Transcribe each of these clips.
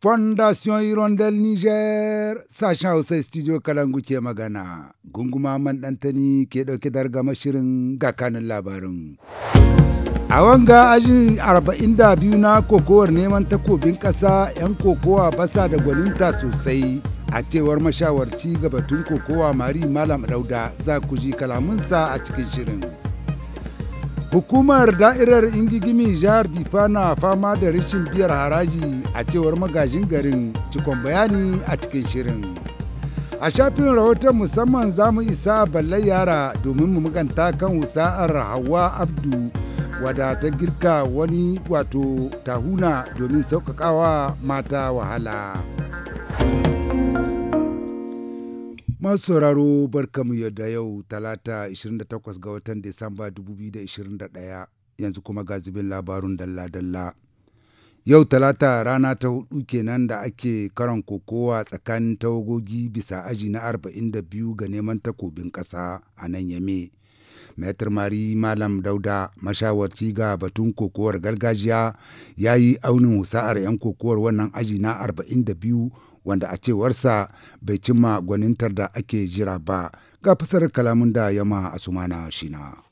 Fondation Irondel Niger sashen Hausa Studio Kalangu ke magana, gunguma man ɗantani ke ɗauke dargama shirin ga kanin labarin. A wanga ajin biyu na kokowar neman takobin ƙasa 'yan kokowa basa da gwaninta sosai. a cewar mashawarci ga batun kokowa mari malam dauda za ku ji kalamunsa a cikin shirin hukumar da'irar ingigimi jihar difa na fama da rashin biyar haraji a cewar magajin garin cikon bayani a cikin shirin a shafin rahoton musamman za mu isa ballai yara domin mu maganta kan wusa'ar hawa abdu wada ta girka wani wato tahuna domin sauƙaƙawa mata wahala. Masu sauraro barkamu yadda yau talata 28 ga watan Disamba 2021 yanzu kuma ga zubin labarun dalla-dalla. Yau talata rana ta hudu kenan da ake karan kokowa tsakanin tawagogi bisa aji na 42 ga neman takobin ƙasa a nan yame. Maitar Mari Malam Dauda mashawarci ga batun kokowar gargajiya ya yi aunin husa'ar 'yan kokowar wannan aji na 42 wanda a cewarsa bai cimma gwanintar da ake jira ba ga fasar kalamun da yama a sumana shina.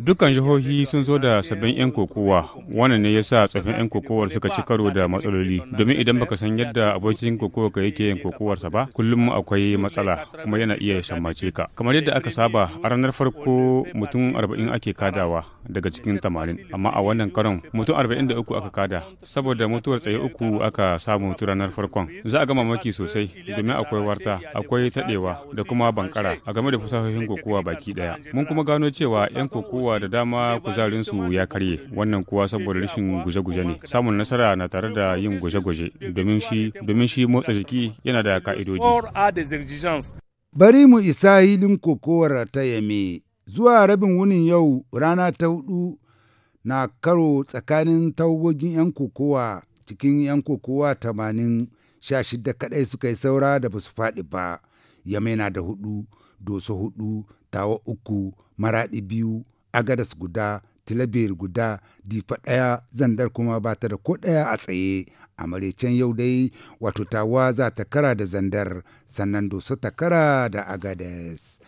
Dukkan jihohi sun zo da sabbin 'yan kokowa, wannan ne ya sa tsoffin 'yan kokowar suka ci karo da matsaloli, domin idan baka san yadda abokin kokowa ka yake yin kokowarsa ba, kullum akwai matsala kuma yana iya shammace ka. Kamar yadda aka saba, a ranar farko mutum arba'in ake kadawa daga cikin tamanin, amma a wannan karon mutum arba'in da uku aka kada, saboda mutuwar tsaye uku aka samu tu ranar farkon. Za a ga mamaki sosai, domin akwai warta, akwai taɗewa da kuma bankara a game da fasahohi fasahohin kokowa baki daya mun kuma gano cewa 'yan kokowa da dama kuzarinsu ya karye wannan kuwa saboda rashin guje-guje ne samun nasara na tare da yin guje-guje domin shi domin shi motsa jiki yana da ka'idoji bari mu isa hilin kokowar ta yame zuwa rabin wunin yau rana ta hudu na karo tsakanin tawagogin 'yan kokowa cikin 'yan kokowa tamanin sha shida kadai suka yi saura da basu faɗi ba yame na da hudu doso hudu tawa uku maraɗi biyu agadas guda tilabiyar guda difa ɗaya zandar kuma ba ta da ko ɗaya a tsaye a maraicen yau dai wato tawa za ta kara da zandar sannan doso ta kara da agadas.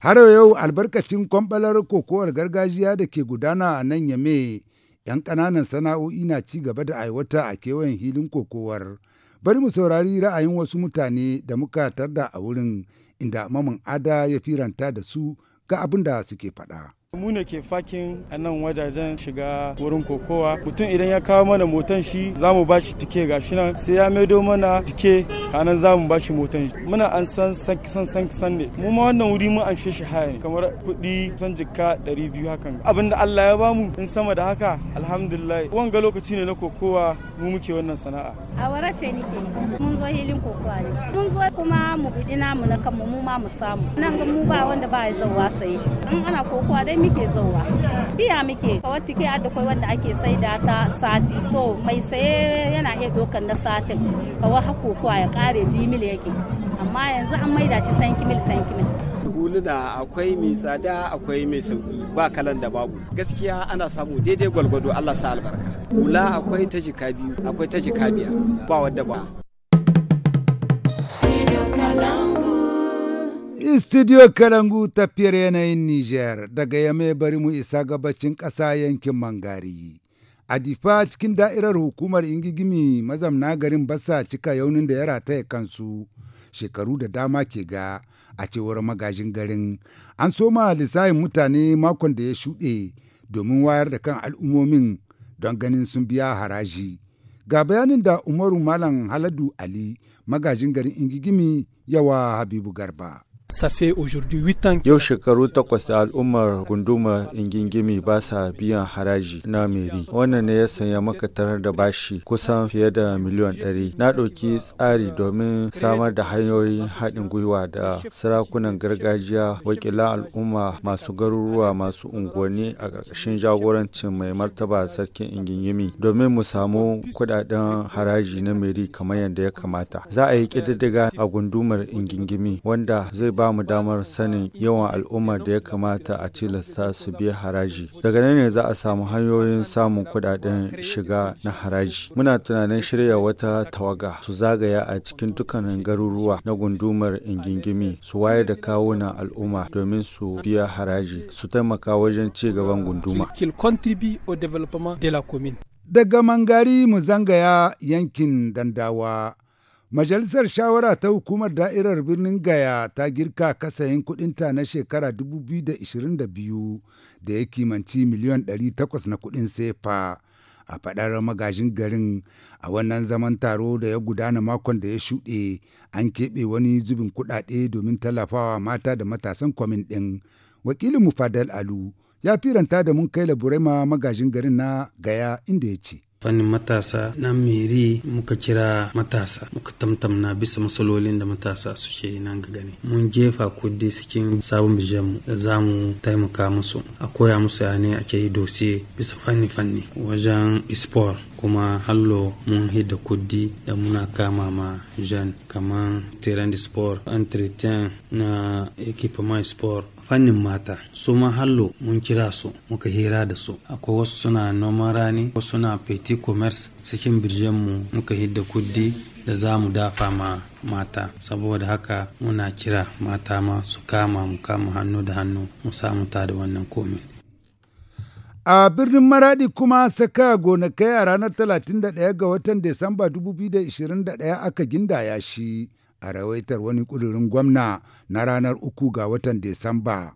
har yau albarkacin kwambalar kokowar gargajiya da ke gudana a nan yame 'yan ƙananan sana'o'i na ci gaba da aiwata a kewayen hilin kokowar bari mu saurari ra'ayin wasu mutane da muka tarda a wurin inda maman ada ya firanta da su ga abin da suke faɗa. mu ne ke fakin a nan wajajen shiga wurin kokowa mutum idan ya kawo mana motan shi za mu ba shi tike ga shi nan sai ya maido mana tike nan za mu ba shi motan shi muna an san san san san ne mu ma wannan wuri mun an shi haya ne kamar kuɗi san jikka ɗari biyu hakan abin da Allah ya bamu in sama da haka alhamdulillah wanga lokaci ne na kokowa mu muke wannan sana'a a wara ce nike mun zo hilin kokowa ne mun zo kuma mu bidi namu na kanmu mu ma mu samu nan ga mu ba wanda ba ya zauwa sai in ana kokowa dai muke zauwa biya muke kawai ke da kai wanda ake da ta sati to mai saye yana iya dokan na satin kawai hakokuwa ya kare dimil yake amma yanzu an maida shi san kimil san kimil huluna akwai mai tsada akwai mai sauki ba kalan da babu gaskiya ana samu daidai gwalgwado Allah sa albarka hula akwai ta jika akwai ta jika ba wadda ba Studio Kalangu tafiyar yanayin Nijar daga yame bari mu isa gabacin ƙasa yankin Mangari. A difa cikin da'irar hukumar ingigimi mazamna garin basa cika yaunin da ya rataya kansu shekaru da dama ke ga a cewar magajin garin. An soma lissahin mutane makon da ya shuɗe domin wayar da kan al'ummomin don ganin sun biya haraji. Ga bayanin da Umaru Malam Haladu Ali magajin garin ingigimi yawa Habibu Garba. Yau shekaru takwas da al'ummar gunduma ingingimi ba sa biyan haraji na meri. Wannan ne ya sanya maka tarar da bashi kusan fiye da miliyan ɗari. Na ɗauki tsari domin samar da hanyoyin haɗin gwiwa da sarakunan gargajiya wakilan al'umma masu garuruwa masu unguwanni a ƙarƙashin jagorancin mai martaba sarkin ingingimi domin mu samu kuɗaɗen haraji na meri kamar yadda ya kamata. Za a yi ƙididdiga a gundumar ingingimi wanda zai ba mu damar sanin yawan al'ummar da ya kamata a tilasta su biya haraji. Daga nan ne za a samu hanyoyin samun kuɗaɗen shiga na haraji. Muna tunanin shirya wata tawaga su zagaya a cikin dukkanin garuruwa na gundumar ingingimi su wayar da kawuna al'umma domin su biya haraji su taimaka wajen ci gaban gunduma. Daga mangari mu zangaya yankin dandawa. Majalisar Shawara ta Hukumar Da'irar Birnin Gaya ta girka kasayin kudinta na shekara 2022 da ya kimanci miliyon 800 na kudin sefa a fadar magajin garin a wannan zaman taro da ya gudana makon da ya shuɗe an keɓe wani zubin kuɗaɗe domin tallafawa mata da matasan kwamin ɗin. Wakilin Mufadal Alu ya firanta da mun kai laburema magajin garin na Gaya inda ya ce. fannin matasa na meri muka kira matasa muka tamtamna bisa matsalolin da matasa su ce nan ga gani mun jefa kudi cikin sabon mu da za mu taimaka musu a koya musu ya ne ake yi dosiye bisa fanni-fanni wajen ispor kuma hallo mun hidda kudi da muna kama ma jan kamar terrain de sport entretien na equipement sport fannin mata su ma hallo mun kira su muka hira da su akwai wasu suna noman rani wasu suna petit commerce cikin birjen mu muka hidda kuddi da za mu dafa ma mata saboda haka muna kira mata ma su kama mu kama hannu da hannu mu samu ta da wannan komin a birnin maradi kuma saka gonakai a ranar 31 ga watan disamba 2021 aka gindaya shi a rawaitar wani ƙudurin gwamna na ranar uku ga watan Desamba.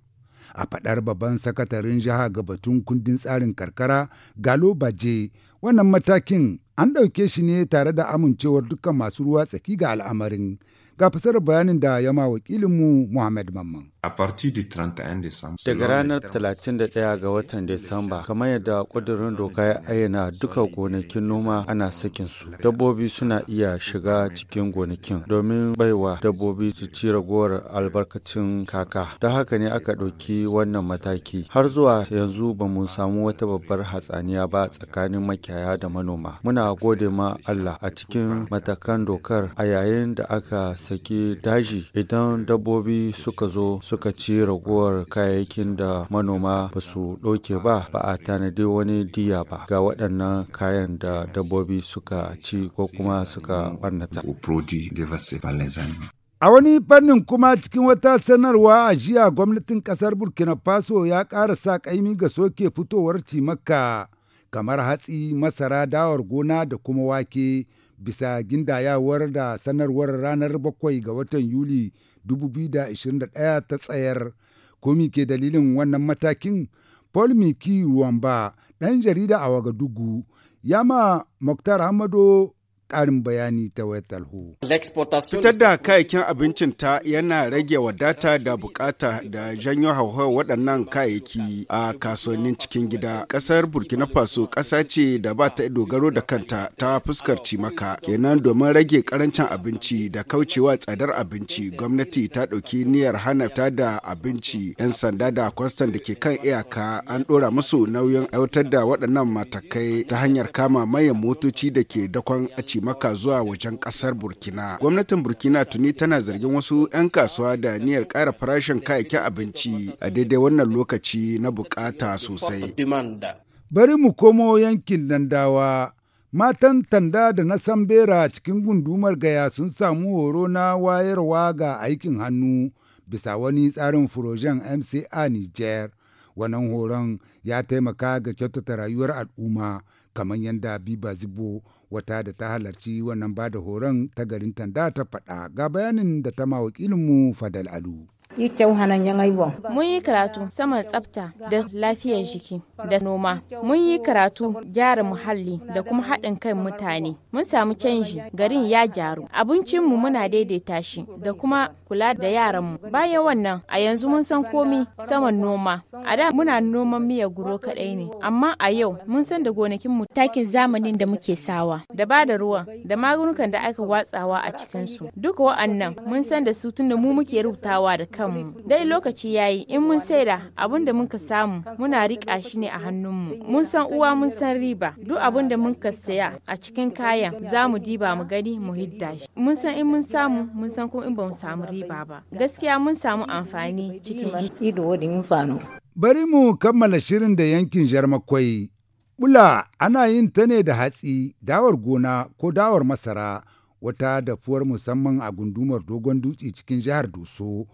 A faɗar babban sakatarin jiha ga batun kundin tsarin karkara Galo Baje, wannan matakin an ɗauke shi ne tare da amincewar dukkan masu ruwa tsaki ga al'amarin Ga fasar bayanin da ya ma wakilinmu Muhammad Mamman. Daga ranar 31 ga watan Disamba, kamar yadda ƙudurin doka ya ayyana duka gonakin noma ana sakin su. Dabbobi suna iya shiga cikin gonakin domin baiwa dabbobi su ci ragowar albarkacin kaka. Don haka ne aka ɗauki wannan mataki. Har zuwa yanzu ba mu samu wata babbar hatsaniya ba tsakanin makiyaya da manoma. Muna gode ma Allah a cikin matakan dokar a yayin da aka saki daji idan dabbobi suka zo suka ci raguwar kayayyakin da manoma ba su ɗauke ba ba a tanadi wani diya ba ga waɗannan kayan da dabbobi suka ci ko kuma suka ɓarnata. A wani fannin kuma cikin wata sanarwa a jiya gwamnatin kasar Burkina Faso ya ƙara sa ƙaimi ga soke fitowar cimaka kamar hatsi, masara, dawar gona da kuma wake bisa gindayawar da sanarwar ranar bakwai ga watan Yuli 2021 ta tsayar. Komi ke dalilin wannan matakin? Paul Miki Ruwamba, ɗan jarida a Wagadugu, ya ma Muktar Hamado ƙarin bayani ta wayar talho. Fitar da kayayyakin abincin ta yana rage wadata da bukata da janyo hauhawar waɗannan kayayyaki a kasuwannin cikin gida. Ƙasar Burkina Faso ƙasa ce da ba ta dogaro da kanta ta fuskar cimaka. Kenan domin rage ƙarancin abinci da kaucewa tsadar abinci gwamnati ta ɗauki niyyar hana ta da abinci 'yan sanda da kwastan da ke kan iyaka an ɗora musu nauyin aiwatar da waɗannan matakai ta hanyar kama mayan motoci da ke dakon a maka zuwa wajen kasar burkina gwamnatin burkina tuni tana zargin wasu 'yan kasuwa da niyyar ƙara farashin kayayyakin abinci a daidai wannan lokaci na bukata sosai bari mu komo yankin dandawa matan tanda da na sambera cikin gundumar gaya sun samu horo na wayarwa ga aikin hannu bisa wani tsarin furojen mca niger wannan horon ya taimaka ga kyautata rayuwar al'umma kamar yadda biba zibo wata da ta halarci wannan ba da horon ta garin tanda ta faɗa ga bayanin da ta ma wakilinmu fadal alu. Yi kyau Mun yi karatu saman tsafta da lafiyar jiki da noma. Mun yi karatu gyara muhalli da kuma haɗin kan mutane. Mun samu canji garin ya gyaru. Abincinmu muna daidaita shi da kuma kula da yaranmu. Bayan wannan a yanzu mun san komi saman noma. A da muna noman miyar guro kaɗai ne. Amma a yau mun san da gonakinmu takin zamanin da muke sawa. Da ba da ruwa da magunukan da aka watsawa a cikinsu. Duka wa'annan mun san da su tunda mu muke rubutawa da kanmu dai lokaci yayi in mun saida abin da muka samu muna riƙa shi ne a hannunmu mun san uwa mun san riba duk abin da muka saya a cikin kayan za mu diba mu gani mu hidda shi mun san in mun samu mun san kuma in ba mu samu riba ba gaskiya mun samu amfani cikin bari mu kammala shirin da yankin jarmakwai bula ana yin ta ne da hatsi dawar gona ko dawar masara wata dafuwar musamman a gundumar dogon dutse cikin jihar doso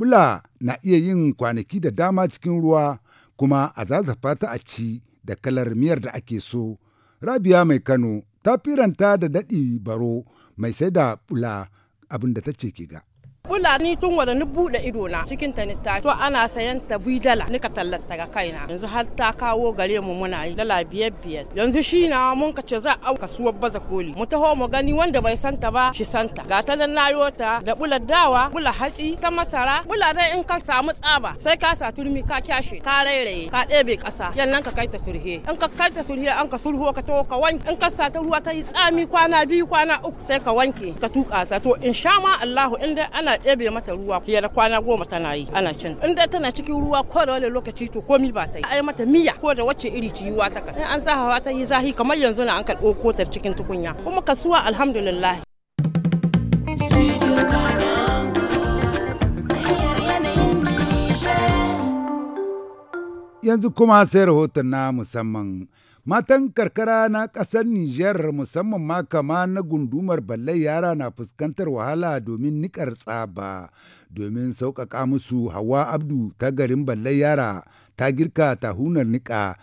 Bula na iya yin kwanaki da dama cikin ruwa kuma a zazzafa ta a ci da kalar miyar da ake so. rabiya mai Kano ta firanta da daɗi baro mai sai da bula abinda da ta ce ke ga. bula ni tun wada ni buɗe ido na cikin ta ni ta to ana sayan ta bi dala ni ka tallata ga kaina yanzu har ta kawo gare mu muna yi dala biyar biyar yanzu shi na mun ka ce za a kasuwar baza koli mu taho mu gani wanda bai santa ba shi santa ga ta nan nayo ta da bula dawa bula haci ta masara bula dai in ka samu tsaba sai ka sa turmi ka kyashe ka rairaye ka ɗebe ƙasa yannan ka kai ta surhe in ka kai ta surhe an ka sulhu ka taho ka wanke in ka sa ta ruwa ta yi tsami kwana biyu kwana uku sai ka wanke ka tuka ta to in sha Allahu in ana ɗebe mata ruwa ya da kwana goma tana yi ana cin in dai tana cikin ruwa ko da wani lokaci to komi ba ta yi ai mata miya ko da wacce iri yiwa ta ka in an zahawa ta yi zahi kamar yanzu na an karɓo kotar cikin tukunya kuma kasuwa alhamdulillah yanzu kuma sai rahoton na musamman Matan karkara na ƙasar Nijar musamman ma kama na gundumar balle yara na fuskantar wahala domin niƙar tsaba. Domin sauƙaƙa musu Hawa Abdu ta garin balle yara ta girka tahunar niƙa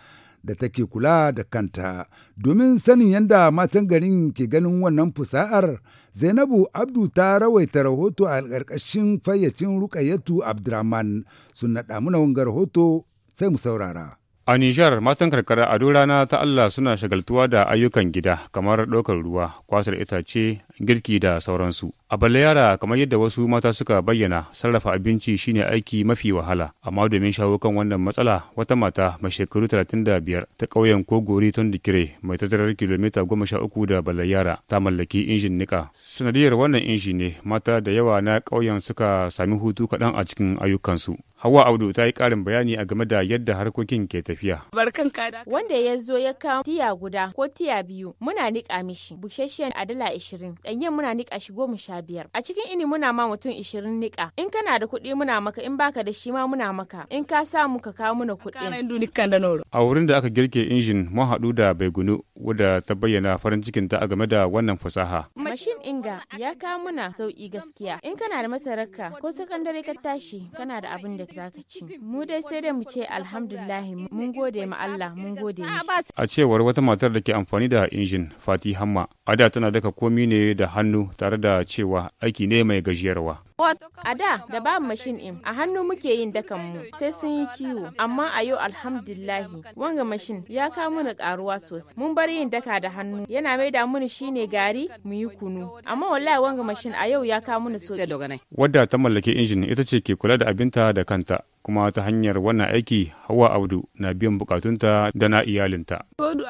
da take kula da kanta. Domin sanin yadda matan garin ke ganin wannan fusa'ar, Zainabu Abdu ta rawaita rahoto a ƙarƙashin fayyacin Rukayyatu Abdurrahman sun naɗa muna wangar rahoto sai mu saurara. A Nijar, matan karkara a duk rana ta Allah suna shagaltuwa da ayyukan gida kamar ɗaukar ruwa, kwasar itace, girki da sauransu. A yara kamar yadda wasu mata suka bayyana, sarrafa abinci shine aiki mafi wahala. Amma domin shawo kan wannan matsala, wata mata mai shekaru 35 ta ƙauyen Kogori ton Dikire mai tazarar kilomita uku da Balayara ta mallaki injin niƙa. Sanadiyar wannan inji ne mata da yawa na ƙauyen suka sami hutu kaɗan a cikin ayyukansu. Hawa Audu ta yi ƙarin bayani a game da yadda harkokin ke tafi. lafiya. Wanda ya zo ya kawo tiya guda ko tiya biyu muna niƙa mishi busasshen a dala ishirin ɗanyen muna niƙa shi goma sha biyar. A cikin ini muna ma mutum ishirin niƙa in kana da kuɗi muna maka in baka da shi ma muna maka in ka sa samu ka kawo mana kuɗin. A wurin da aka girke injin mun haɗu da Baigunu wadda ta bayyana farin cikin ta a game da wannan fasaha. Mashin Inga ya kawo muna sauki gaskiya. In kana da masarakka ko sakandare ka tashi kana da abin da za ka ci. Mu dai sai dai mu ce alhamdulillah mun gode ma Allah mun gode A cewar wata matar da ke amfani da injin Fati Hamma, ada tana daka komi ne da hannu tare da cewa aiki ne mai gajiyarwa. A da da ba mashin in a hannu muke yin dakan mu sai sun yi kiwo amma a yau alhamdulahi wanga mashin ya kawo mana karuwa sosai mun bar yin daka da hannu yana maida damuni shine gari mu yi kunu amma wallahi wanga mashin a yau ya kawo mana sauki wadda ta mallaki injin ita ce ke kula da abinta da kanta kuma ta hanyar wannan aiki hawa abdu na biyan bukatunta da na iyalinta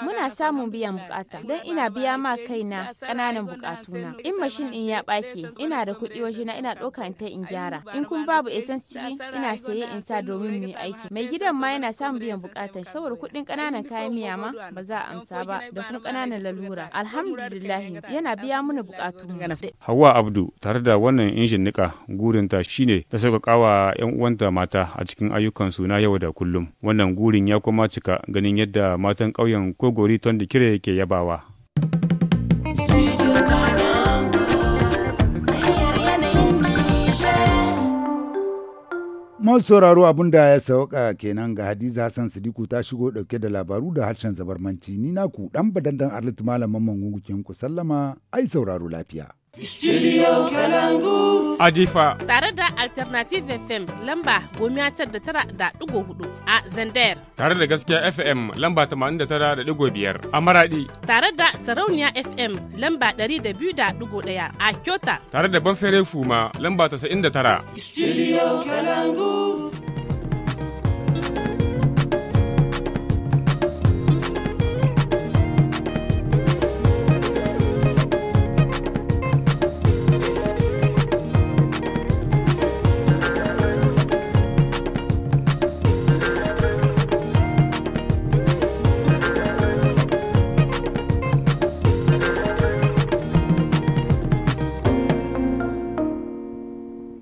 muna samun biyan bukata don ina biya ma kaina ƙananan bukatuna in mashin in ya ɓake ina da kuɗi waje na ina ɗauka in ta in gyara in kun babu esan ciki ina saye in sa domin mu aiki mai gidan ma yana samun biyan bukatan saboda kuɗin ƙananan kayan miya ma ba za a amsa ba da kuma kananan lalura alhamdulillah yana biya mana bukatu hawa abdu tare da wannan injin nika gurinta shine ta sauƙaƙa wa 'yan uwanta mata a cikin ayyukan suna yau da kullum. Wannan gurin ya kuma cika ganin yadda matan ƙauyen Kogori kire ke yabawa. Mun sauraro abin da ya sauka kenan ga Hadiza Hassan Sidiku ta shigo dauke da labaru da harshen zabarmanci ni naku dan badandan Arlit malamin mangungukin ku sallama ai sauraro lafiya. Studio Kalangu. Adifa. Tare da Alternative FM lamba gomiya tar da tara da ɗigo hudu a Zander. Tare da gaskiya FM lamba tamanin da tara da ɗigo biyar a Maradi. Tare da Sarauniya FM lamba ɗari da biyu da ɗigo ɗaya a Kyota. Tare da Banfere Fuma lamba tasa'in da tara. Studio Kalangu.